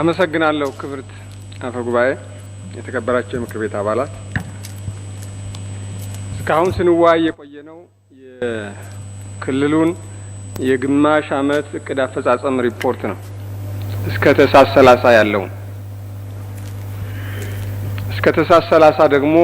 አመሰግናለሁ ክብርት አፈ ጉባኤ፣ የተከበራቸው የምክር ቤት አባላት፣ እስካሁን ስንዋይ የቆየነው የክልሉን የግማሽ ዓመት እቅድ አፈጻጸም ሪፖርት ነው። እስከ ተሳት ሰላሳ ያለውን እስከ ተሳት ሰላሳ ደግሞ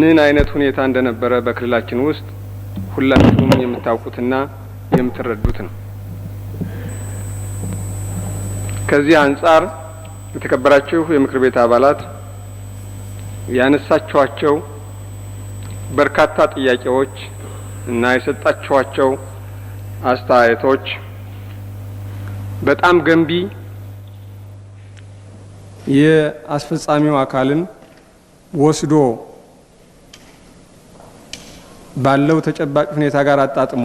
ምን አይነት ሁኔታ እንደነበረ በክልላችን ውስጥ ሁላችሁም የምታውቁትና የምትረዱት ነው። ከዚህ አንጻር የተከበራችሁ የምክር ቤት አባላት ያነሳችኋቸው በርካታ ጥያቄዎች እና የሰጣችኋቸው አስተያየቶች በጣም ገንቢ የአስፈጻሚው አካልን ወስዶ ባለው ተጨባጭ ሁኔታ ጋር አጣጥሞ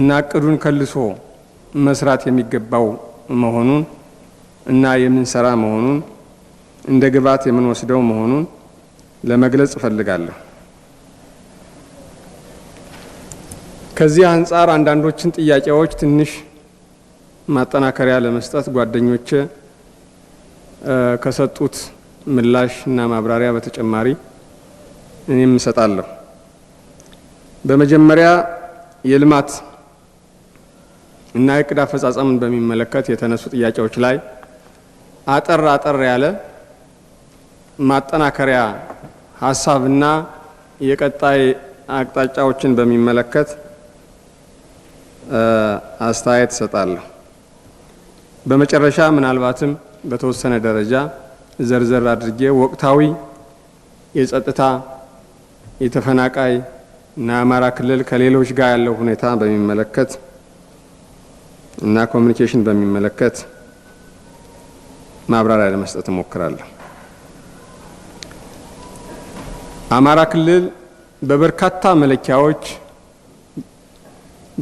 እና እቅዱን ከልሶ መስራት የሚገባው መሆኑን እና የምንሰራ መሆኑን እንደ ግብዓት የምንወስደው መሆኑን ለመግለጽ እፈልጋለሁ። ከዚህ አንጻር አንዳንዶችን ጥያቄዎች ትንሽ ማጠናከሪያ ለመስጠት ጓደኞቼ ከሰጡት ምላሽ እና ማብራሪያ በተጨማሪ እኔም እሰጣለሁ። በመጀመሪያ የልማት እና የእቅድ አፈጻጸምን በሚመለከት የተነሱ ጥያቄዎች ላይ አጠር አጠር ያለ ማጠናከሪያ ሀሳብና የቀጣይ አቅጣጫዎችን በሚመለከት አስተያየት እሰጣለሁ። በመጨረሻ ምናልባትም በተወሰነ ደረጃ ዘርዘር አድርጌ ወቅታዊ የጸጥታ የተፈናቃይ እና የአማራ ክልል ከሌሎች ጋር ያለው ሁኔታ በሚመለከት እና ኮሚኒኬሽን በሚመለከት ማብራሪያ ለመስጠት እሞክራለሁ። አማራ ክልል በበርካታ መለኪያዎች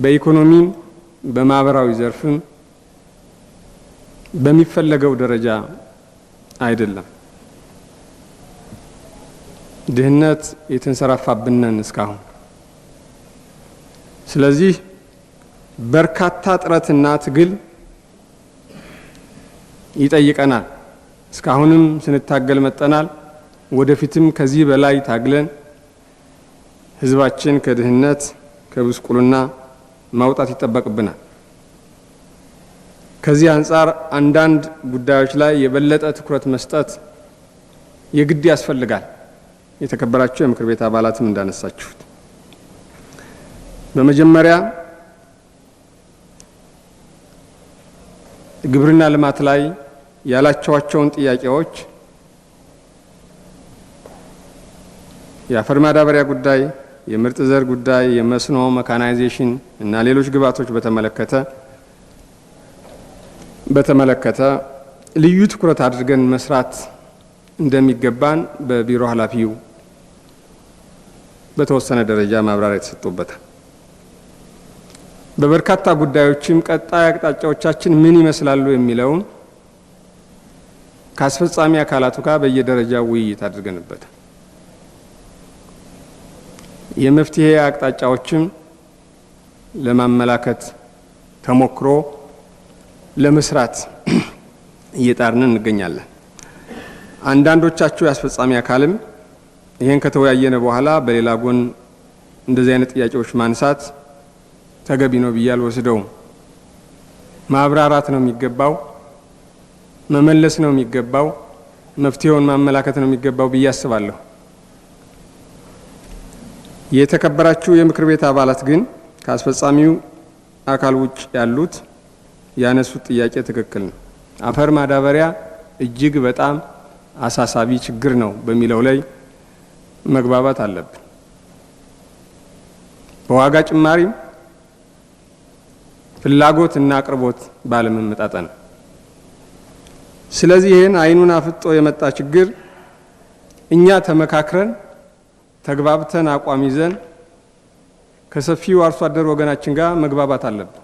በኢኮኖሚም በማህበራዊ ዘርፍም በሚፈለገው ደረጃ አይደለም። ድህነት የተንሰራፋብንን እስካሁን ስለዚህ በርካታ ጥረትና ትግል ይጠይቀናል። እስካሁንም ስንታገል መጠናል። ወደፊትም ከዚህ በላይ ታግለን ህዝባችን ከድህነት ከብስቁልና ማውጣት ይጠበቅብናል። ከዚህ አንጻር አንዳንድ ጉዳዮች ላይ የበለጠ ትኩረት መስጠት የግድ ያስፈልጋል። የተከበራችሁ የምክር ቤት አባላትም እንዳነሳችሁት በመጀመሪያ ግብርና ልማት ላይ ያላቸዋቸውን ጥያቄዎች የአፈር ማዳበሪያ ጉዳይ፣ የምርጥ ዘር ጉዳይ፣ የመስኖ መካናይዜሽን እና ሌሎች ግብዓቶች በተመለከተ በተመለከተ ልዩ ትኩረት አድርገን መስራት እንደሚገባን በቢሮ ኃላፊው በተወሰነ ደረጃ ማብራሪያ የተሰጡበታል። በበርካታ ጉዳዮችም ቀጣይ አቅጣጫዎቻችን ምን ይመስላሉ የሚለውን ከአስፈጻሚ አካላቱ ጋር በየደረጃው ውይይት አድርገንበታል። የመፍትሄ አቅጣጫዎችም ለማመላከት ተሞክሮ ለመስራት እየጣርን እንገኛለን። አንዳንዶቻችሁ የአስፈጻሚ አካልም ይህን ከተወያየነ በኋላ በሌላ ጎን እንደዚህ አይነት ጥያቄዎች ማንሳት ተገቢ ነው ብዬ አልወስደውም። ማብራራት ነው የሚገባው፣ መመለስ ነው የሚገባው፣ መፍትሄውን ማመላከት ነው የሚገባው ብዬ አስባለሁ። የተከበራችሁ የምክር ቤት አባላት ግን ከአስፈጻሚው አካል ውጭ ያሉት ያነሱት ጥያቄ ትክክል ነው። አፈር ማዳበሪያ እጅግ በጣም አሳሳቢ ችግር ነው በሚለው ላይ መግባባት አለብን። በዋጋ ጭማሪም ፍላጎት እና አቅርቦት ባለመመጣጠን። ስለዚህ ይህን አይኑን አፍጦ የመጣ ችግር እኛ ተመካክረን ተግባብተን አቋም ይዘን ከሰፊው አርሶ አደር ወገናችን ጋር መግባባት አለብን።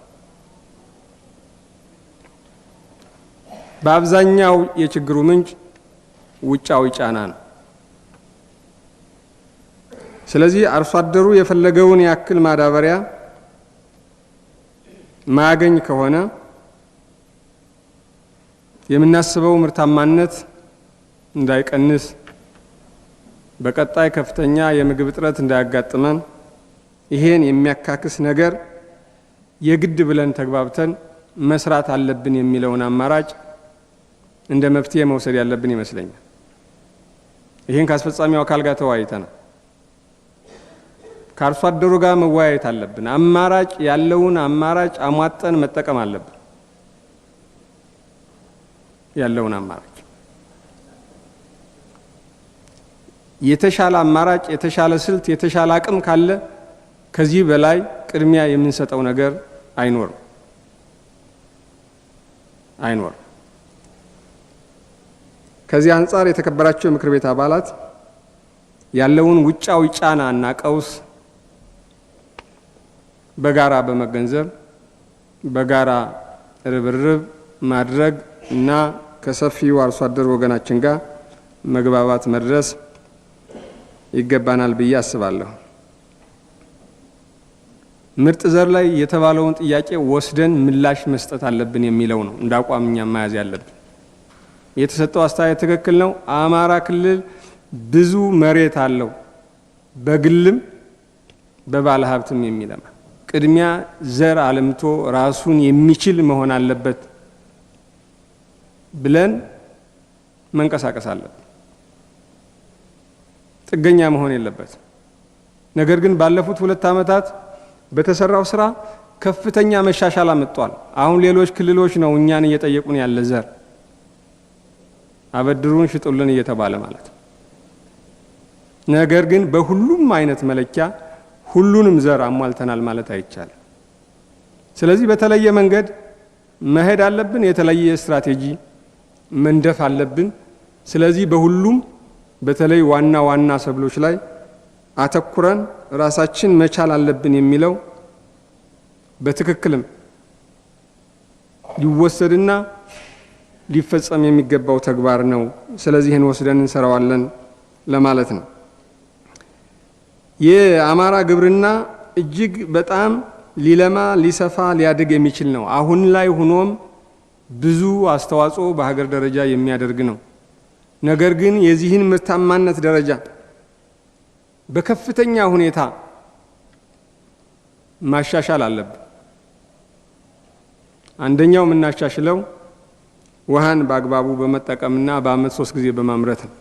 በአብዛኛው የችግሩ ምንጭ ውጫዊ ጫና ነው። ስለዚህ አርሶ አደሩ የፈለገውን ያክል ማዳበሪያ ማያገኝ ከሆነ የምናስበው ምርታማነት እንዳይቀንስ በቀጣይ ከፍተኛ የምግብ እጥረት እንዳያጋጥመን ይሄን የሚያካክስ ነገር የግድ ብለን ተግባብተን መስራት አለብን የሚለውን አማራጭ እንደ መፍትሄ መውሰድ ያለብን ይመስለኛል። ይህን ከአስፈጻሚው አካል ጋር ተወያይተናል። ከአርሶ አደሩ ጋር መወያየት አለብን። አማራጭ ያለውን አማራጭ አሟጠን መጠቀም አለብን። ያለውን አማራጭ የተሻለ አማራጭ፣ የተሻለ ስልት፣ የተሻለ አቅም ካለ ከዚህ በላይ ቅድሚያ የምንሰጠው ነገር አይኖርም አይኖር ከዚህ አንጻር የተከበራቸው የምክር ቤት አባላት ያለውን ውጫዊ ጫና እና ቀውስ በጋራ በመገንዘብ በጋራ ርብርብ ማድረግ እና ከሰፊው አርሶ አደር ወገናችን ጋር መግባባት መድረስ ይገባናል ብዬ አስባለሁ። ምርጥ ዘር ላይ የተባለውን ጥያቄ ወስደን ምላሽ መስጠት አለብን የሚለው ነው እንደ አቋም እኛ መያዝ ያለብን። የተሰጠው አስተያየት ትክክል ነው። አማራ ክልል ብዙ መሬት አለው፣ በግልም በባለ ሀብትም የሚለማ ቅድሚያ ዘር አልምቶ ራሱን የሚችል መሆን አለበት ብለን መንቀሳቀስ አለብን። ጥገኛ መሆን የለበት። ነገር ግን ባለፉት ሁለት ዓመታት በተሰራው ስራ ከፍተኛ መሻሻል አመጧል። አሁን ሌሎች ክልሎች ነው እኛን እየጠየቁን ያለ ዘር አበድሩን ሽጡልን እየተባለ ማለት ነገር ግን በሁሉም አይነት መለኪያ ሁሉንም ዘር አሟልተናል ማለት አይቻልም። ስለዚህ በተለየ መንገድ መሄድ አለብን። የተለየ ስትራቴጂ መንደፍ አለብን። ስለዚህ በሁሉም በተለይ ዋና ዋና ሰብሎች ላይ አተኩረን ራሳችን መቻል አለብን የሚለው በትክክልም ሊወሰድና ሊፈጸም የሚገባው ተግባር ነው። ስለዚህ ይህን ወስደን እንሰራዋለን ለማለት ነው። የአማራ ግብርና እጅግ በጣም ሊለማ ሊሰፋ ሊያድግ የሚችል ነው። አሁን ላይ ሆኖም ብዙ አስተዋጽኦ በሀገር ደረጃ የሚያደርግ ነው። ነገር ግን የዚህን ምርታማነት ደረጃ በከፍተኛ ሁኔታ ማሻሻል አለብን። አንደኛው የምናሻሽለው ውሃን በአግባቡ በመጠቀምና በዓመት ሶስት ጊዜ በማምረት ነው።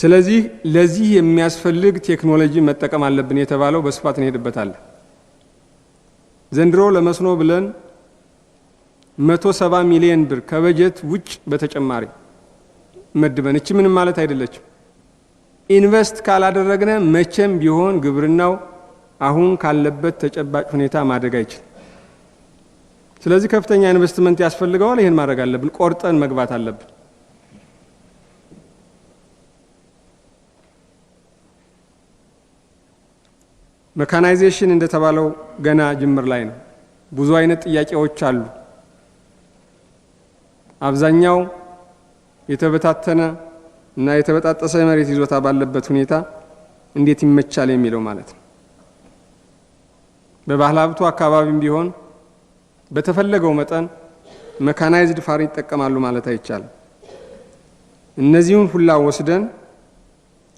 ስለዚህ ለዚህ የሚያስፈልግ ቴክኖሎጂ መጠቀም አለብን የተባለው በስፋት እንሄድበታለን። ዘንድሮ ለመስኖ ብለን 170 ሚሊዮን ብር ከበጀት ውጭ በተጨማሪ መድበን እቺ ምንም ማለት አይደለችም። ኢንቨስት ካላደረግነ መቼም ቢሆን ግብርናው አሁን ካለበት ተጨባጭ ሁኔታ ማደግ አይችልም። ስለዚህ ከፍተኛ ኢንቨስትመንት ያስፈልገዋል። ይህን ማድረግ አለብን። ቆርጠን መግባት አለብን። መካናይዜሽን እንደተባለው ገና ጅምር ላይ ነው። ብዙ አይነት ጥያቄዎች አሉ። አብዛኛው የተበታተነ እና የተበጣጠሰ መሬት ይዞታ ባለበት ሁኔታ እንዴት ይመቻል የሚለው ማለት ነው። በባህል ሀብቱ አካባቢም ቢሆን በተፈለገው መጠን መካናይዝድ ፋር ይጠቀማሉ ማለት አይቻልም። እነዚህም ሁላ ወስደን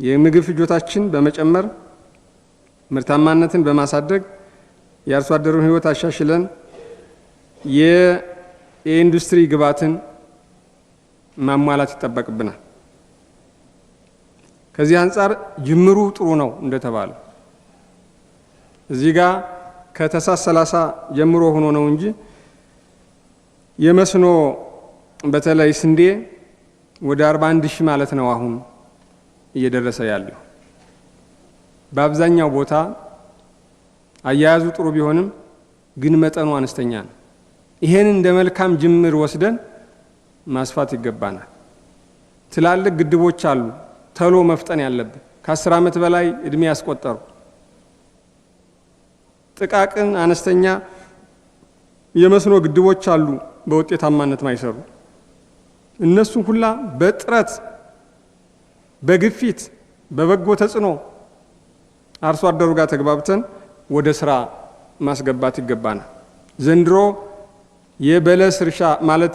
የምግብ ፍጆታችን በመጨመር ምርታማነትን በማሳደግ የአርሶ አደሩን ህይወት አሻሽለን የኢንዱስትሪ ግብዓትን ማሟላት ይጠበቅብናል። ከዚህ አንጻር ጅምሩ ጥሩ ነው እንደተባለ እዚህ ጋር ከተሳስ 30 ጀምሮ ሆኖ ነው እንጂ የመስኖ በተለይ ስንዴ ወደ 41 ሺህ ማለት ነው አሁን እየደረሰ ያለው። በአብዛኛው ቦታ አያያዙ ጥሩ ቢሆንም ግን መጠኑ አነስተኛ ነው። ይሄን እንደ መልካም ጅምር ወስደን ማስፋት ይገባናል። ትላልቅ ግድቦች አሉ፣ ተሎ መፍጠን ያለብን ከአስር ዓመት በላይ እድሜ ያስቆጠሩ ጥቃቅን አነስተኛ የመስኖ ግድቦች አሉ፣ በውጤታማነት ማይሰሩ እነሱን ሁላ በጥረት በግፊት በበጎ ተጽዕኖ አርሶ አደሩ ጋር ተግባብተን ወደ ስራ ማስገባት ይገባናል። ዘንድሮ የበለስ እርሻ ማለት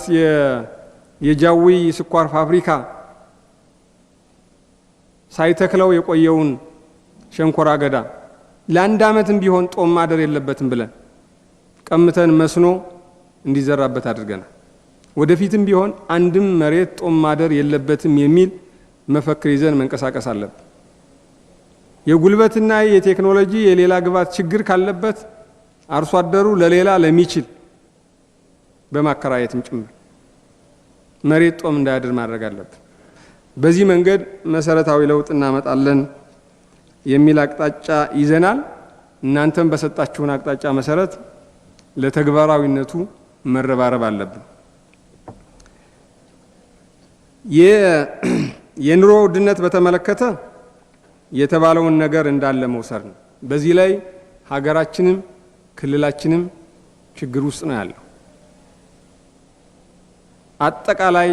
የጃዊ ስኳር ፋብሪካ ሳይተክለው የቆየውን ሸንኮራ አገዳ ለአንድ ዓመትም ቢሆን ጦም ማደር የለበትም ብለን ቀምተን መስኖ እንዲዘራበት አድርገናል። ወደፊትም ቢሆን አንድም መሬት ጦም ማደር የለበትም የሚል መፈክር ይዘን መንቀሳቀስ አለብን። የጉልበትና የቴክኖሎጂ የሌላ ግብዓት ችግር ካለበት አርሶ አደሩ ለሌላ ለሚችል በማከራየትም ጭምር መሬት ጦም እንዳያድር ማድረግ አለብን። በዚህ መንገድ መሰረታዊ ለውጥ እናመጣለን የሚል አቅጣጫ ይዘናል። እናንተም በሰጣችሁን አቅጣጫ መሰረት ለተግባራዊነቱ መረባረብ አለብን። የኑሮ ውድነት በተመለከተ የተባለውን ነገር እንዳለ መውሰድ ነው። በዚህ ላይ ሀገራችንም ክልላችንም ችግር ውስጥ ነው ያለው። አጠቃላይ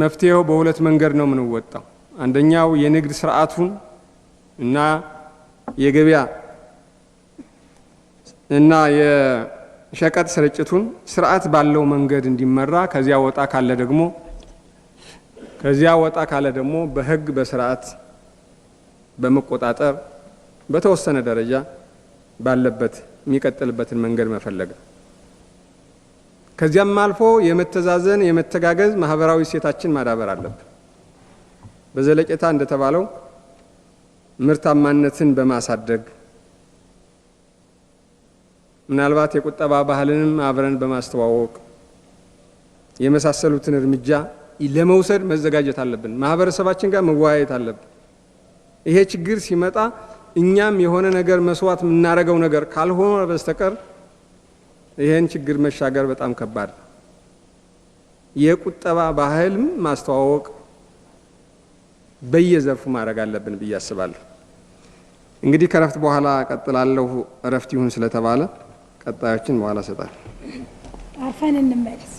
መፍትሄው በሁለት መንገድ ነው የምንወጣው። አንደኛው የንግድ ስርዓቱን እና የገበያ እና የሸቀጥ ስርጭቱን ስርዓት ባለው መንገድ እንዲመራ ከዚያ ወጣ ካለ ደግሞ ከዚያ ወጣ ካለ ደግሞ በህግ በስርዓት በመቆጣጠር በተወሰነ ደረጃ ባለበት የሚቀጥልበትን መንገድ መፈለግ ነው። ከዚያም አልፎ የመተዛዘን የመተጋገዝ ማህበራዊ እሴታችን ማዳበር አለብን። በዘለቄታ እንደተባለው ምርታማነትን በማሳደግ ምናልባት የቁጠባ ባህልንም አብረን በማስተዋወቅ የመሳሰሉትን እርምጃ ለመውሰድ መዘጋጀት አለብን። ማህበረሰባችን ጋር መወያየት አለብን። ይሄ ችግር ሲመጣ እኛም የሆነ ነገር መስዋዕት የምናደርገው ነገር ካልሆነ በስተቀር ይህን ችግር መሻገር በጣም ከባድ ነው። የቁጠባ ባህልም ማስተዋወቅ በየዘርፉ ማድረግ አለብን ብዬ አስባለሁ። እንግዲህ ከረፍት በኋላ ቀጥላለሁ። እረፍት ይሁን ስለተባለ ቀጣዮችን በኋላ ሰጣል። አርፈን እንመለስ።